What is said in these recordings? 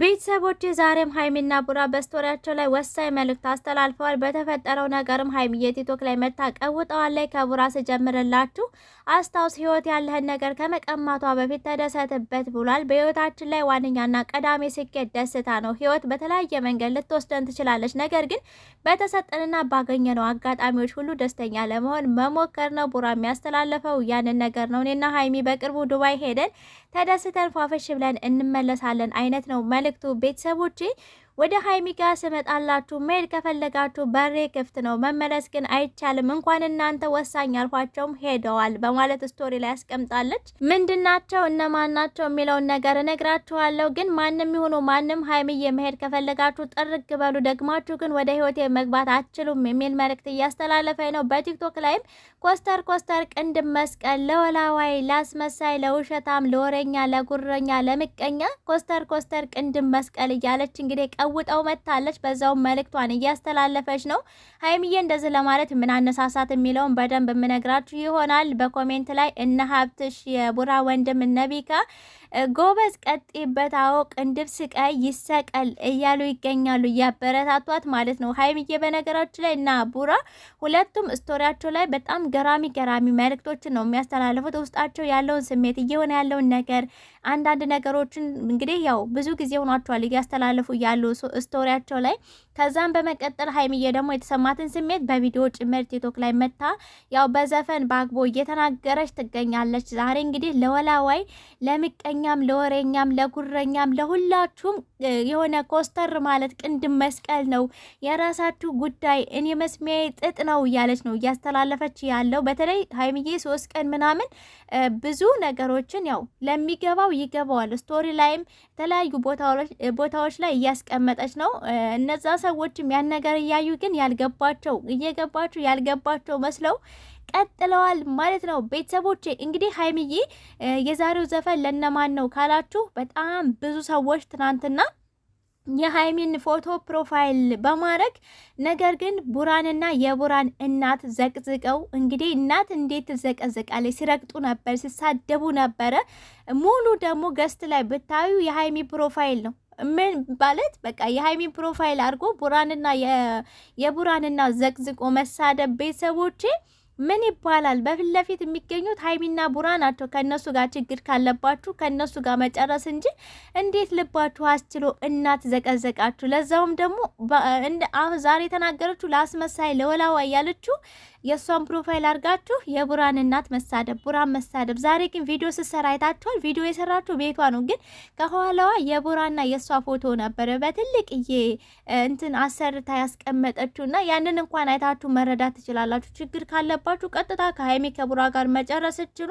ቤተሰቦች ዛሬም ሀይሚና ቡራ በስቶሪያቸው ላይ ወሳኝ መልእክት አስተላልፈዋል። በተፈጠረው ነገርም ሀይሚ ቲክቶክ ላይ መታ ቀውጠዋለች። ከቡራ ስጀምርላችሁ አስታውስ፣ ህይወት ያለህን ነገር ከመቀማቷ በፊት ተደሰትበት ብሏል። በህይወታችን ላይ ዋነኛና ቀዳሚ ስኬት ደስታ ነው። ህይወት በተለያየ መንገድ ልትወስደን ትችላለች። ነገር ግን በተሰጠንና ባገኘነው አጋጣሚዎች ሁሉ ደስተኛ ለመሆን መሞከር ነው። ቡራ የሚያስተላለፈው ያንን ነገር ነው። እኔና ሀይሚ በቅርቡ ዱባይ ሄደን ተደስተን ፏፈሽ ብለን እንመለሳለን አይነት ነው መልእክቱ ቤተሰቦቼ ወደ ሀይሚ ጋር ስመጣላችሁ መሄድ ከፈለጋችሁ በሬ ክፍት ነው፣ መመለስ ግን አይቻልም። እንኳን እናንተ ወሳኝ አልፏቸውም ሄደዋል በማለት ስቶሪ ላይ ያስቀምጣለች። ምንድናቸው እነማን ናቸው የሚለውን ነገር እነግራችኋለሁ። ግን ማንም ይሁኑ ማንም ሀይሚዬ መሄድ ከፈለጋችሁ ጥርግ በሉ፣ ደግማችሁ ግን ወደ ህይወቴ መግባት አትችሉም የሚል መልእክት እያስተላለፈ ነው። በቲክቶክ ላይም ኮስተር ኮስተር ቅንድም መስቀል ለወላዋይ፣ ላስመሳይ፣ ለውሸታም፣ ለወረኛ፣ ለጉረኛ፣ ለምቀኛ ኮስተር ኮስተር ቅንድም መስቀል እያለች እንግዲህ ልትለውጠው መጥታለች። በዛው መልእክቷን እያስተላለፈች ነው። ሀይሚዬ እንደዚህ ለማለት ምን አነሳሳት የሚለውን በደንብ የምነግራችሁ ይሆናል። በኮሜንት ላይ እነ ሀብትሽ የቡራ ወንድም እነ ቢካ ጎበዝ ቀጤበት አወቅ እንድብስ ቀይ ይሰቀል እያሉ ይገኛሉ፣ እያበረታቷት ማለት ነው። ሀይሚዬ በነገራችን ላይ እና ቡራ ሁለቱም ስቶሪያቸው ላይ በጣም ገራሚ ገራሚ መልእክቶችን ነው የሚያስተላልፉት። ውስጣቸው ያለውን ስሜት፣ እየሆነ ያለውን ነገር፣ አንዳንድ ነገሮችን እንግዲህ ያው ብዙ ጊዜ ሆኗቸዋል እያስተላልፉ ያሉ ስቶሪያቸው ላይ። ከዛም በመቀጠል ሀይሚዬ ደግሞ የተሰማትን ስሜት በቪዲዮ ጭምር ቲክቶክ ላይ መታ ያው በዘፈን በአግቦ እየተናገረች ትገኛለች። ዛሬ እንግዲህ ለወላዋይ ለምቀኝ ለነውረኛም፣ ለወሬኛም፣ ለጉረኛም ለሁላችሁም የሆነ ኮስተር ማለት ቅንድም መስቀል ነው። የራሳችሁ ጉዳይ፣ እኔ መስሚያዬ ጥጥ ነው እያለች ነው እያስተላለፈች ያለው። በተለይ ሀይሚዬ ሶስት ቀን ምናምን ብዙ ነገሮችን ያው ለሚገባው ይገባዋል። ስቶሪ ላይም የተለያዩ ቦታዎች ላይ እያስቀመጠች ነው። እነዛ ሰዎችም ያን ነገር እያዩ ግን ያልገባቸው እየገባቸው ያልገባቸው መስለው ቀጥለዋል ማለት ነው። ቤተሰቦቼ እንግዲህ ሀይሚዬ የዛሬው ዘፈን ለነማን ነው ካላችሁ በጣም ብዙ ሰዎች ትናንትና የሀይሚን ፎቶ ፕሮፋይል በማድረግ ነገር ግን ቡራንና የቡራን እናት ዘቅዝቀው እንግዲህ እናት እንዴት ትዘቀዘቃለች ሲረግጡ ነበር፣ ሲሳደቡ ነበረ። ሙሉ ደግሞ ገስት ላይ ብታዩ የሀይሚ ፕሮፋይል ነው ምን ማለት በቃ የሀይሚ ፕሮፋይል አድርጎ ቡራንና የቡራንና ዘቅዝቆ መሳደብ ቤተሰቦቼ ምን ይባላል? በፊት ለፊት የሚገኙት ሀይሚና ቡራ ናቸው። ከእነሱ ጋር ችግር ካለባችሁ ከእነሱ ጋር መጨረስ እንጂ እንዴት ልባችሁ አስችሎ እናት ዘቀዘቃችሁ? ለዛውም ደግሞ ዛሬ የተናገረችው ለአስመሳይ ለወላዋ እያለችው የእሷን ፕሮፋይል አድርጋችሁ የቡራን እናት መሳደብ፣ ቡራን መሳደብ። ዛሬ ግን ቪዲዮ ስትሰራ አይታችኋል። ቪዲዮ የሰራችሁ ቤቷ ነው፣ ግን ከኋላዋ የቡራና የእሷ ፎቶ ነበረ በትልቅዬ እንትን አሰርታ ያስቀመጠችው እና ያንን እንኳን አይታችሁ መረዳት ትችላላችሁ። ችግር ካለባችሁ ቀጥታ ከሀይሜ ከቡራ ጋር መጨረስ ችሉ።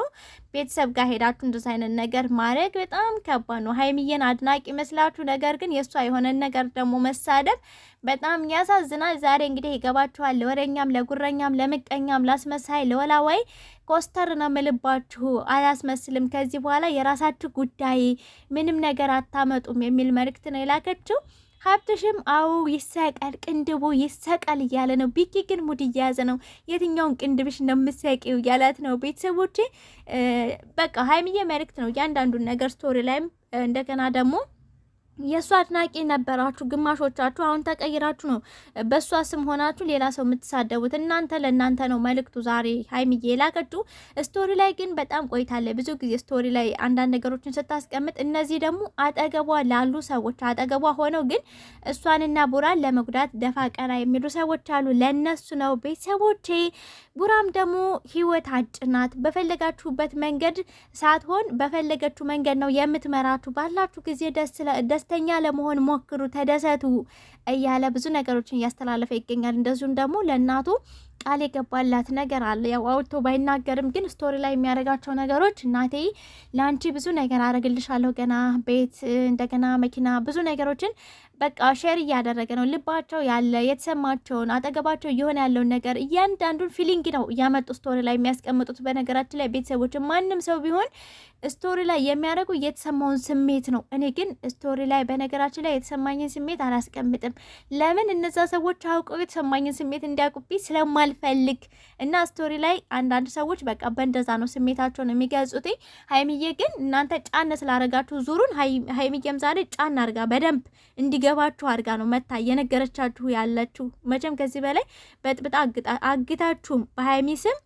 ቤተሰብ ጋር ሄዳችሁ እንደዚ አይነት ነገር ማድረግ በጣም ከባድ ነው። ሀይሚዬን አድናቂ መስላችሁ ነገር ግን የእሷ የሆነን ነገር ደግሞ መሳደብ በጣም ያሳዝናል። ዛሬ እንግዲህ ይገባችኋል። ለወረኛም፣ ለጉረኛም፣ ለምቀኛም፣ ላስመሳይ፣ ለወላዋይ ኮስተር ነው ምልባችሁ። አያስመስልም። ከዚህ በኋላ የራሳችሁ ጉዳይ፣ ምንም ነገር አታመጡም የሚል መልእክት ነው የላከችው። ሀብትሽም አው ይሰቀል ቅንድቡ ይሰቀል እያለ ነው። ቢኪ ግን ሙድ እየያዘ ነው። የትኛውን ቅንድብሽ ነው የምትሰቂው እያላት ነው። ቤተሰቦቼ በቃ ሀይምዬ መልእክት ነው እያንዳንዱን ነገር ስቶሪ ላይም እንደገና ደግሞ የእሱ አድናቂ ነበራችሁ ግማሾቻችሁ። አሁን ተቀይራችሁ ነው በእሷ ስም ሆናችሁ ሌላ ሰው የምትሳደቡት። እናንተ ለእናንተ ነው መልእክቱ። ዛሬ ሀይሚዬ የላከችው ስቶሪ ላይ ግን በጣም ቆይታለች። ብዙ ጊዜ ስቶሪ ላይ አንዳንድ ነገሮችን ስታስቀምጥ፣ እነዚህ ደግሞ አጠገቧ ላሉ ሰዎች አጠገቧ ሆነው ግን እሷንና ቡራን ለመጉዳት ደፋ ቀና የሚሉ ሰዎች አሉ። ለእነሱ ነው ቤተሰቦቼ። ቡራም ደግሞ ህይወት አጭናት። በፈለጋችሁበት መንገድ ሳትሆን በፈለገችው መንገድ ነው የምትመራችሁ። ባላችሁ ጊዜ ደስ ደስተኛ ለመሆን ሞክሩ፣ ተደሰቱ እያለ ብዙ ነገሮችን እያስተላለፈ ይገኛል። እንደዚሁም ደግሞ ለእናቱ ቃል የገባላት ነገር አለ። ያው አውጥቶ ባይናገርም ግን ስቶሪ ላይ የሚያደርጋቸው ነገሮች እናቴ ለአንቺ ብዙ ነገር አደርግልሻለሁ፣ ገና ቤት፣ እንደገና መኪና፣ ብዙ ነገሮችን በቃ ሼር እያደረገ ነው። ልባቸው ያለ የተሰማቸውን አጠገባቸው እየሆነ ያለውን ነገር እያንዳንዱን ፊሊንግ ነው እያመጡ ስቶሪ ላይ የሚያስቀምጡት። በነገራችን ላይ ቤተሰቦች፣ ማንም ሰው ቢሆን ስቶሪ ላይ የሚያደርጉ የተሰማውን ስሜት ነው። እኔ ግን ስቶሪ ላይ በነገራችን ላይ የተሰማኝን ስሜት አላስቀምጥም። ለምን እነዛ ሰዎች አውቀው የተሰማኝን ስሜት እንዲያውቁብኝ ስለማ ስለማልፈልግ እና ስቶሪ ላይ አንዳንድ ሰዎች በቃ በእንደዛ ነው ስሜታቸውን የሚገልጹት። ሀይሚዬ ግን እናንተ ጫን ስላረጋችሁ ዙሩን ሀይሚዬም ዛሬ ጫን አርጋ በደንብ እንዲገባችሁ አርጋ ነው መታ እየነገረቻችሁ ያለችሁ። መቼም ከዚህ በላይ በጥብጣ አግታችሁም በሀይሚ ስም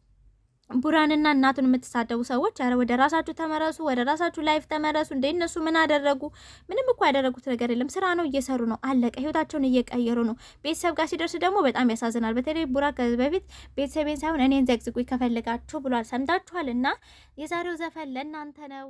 ቡራንና እናቱን የምትሳደቡ ሰዎች ኧረ ወደ ራሳችሁ ተመረሱ፣ ወደ ራሳችሁ ላይፍ ተመረሱ። እንደ እነሱ ምን አደረጉ? ምንም እኮ ያደረጉት ነገር የለም። ስራ ነው እየሰሩ ነው፣ አለቀ። ህይወታቸውን እየቀየሩ ነው። ቤተሰብ ጋር ሲደርስ ደግሞ በጣም ያሳዝናል። በተለይ ቡራ ከዚህ በፊት ቤተሰቤን ሳይሆን እኔን ዘግዝጉ ከፈልጋችሁ ብሏል። ሰምታችኋል። እና የዛሬው ዘፈን ለእናንተ ነው።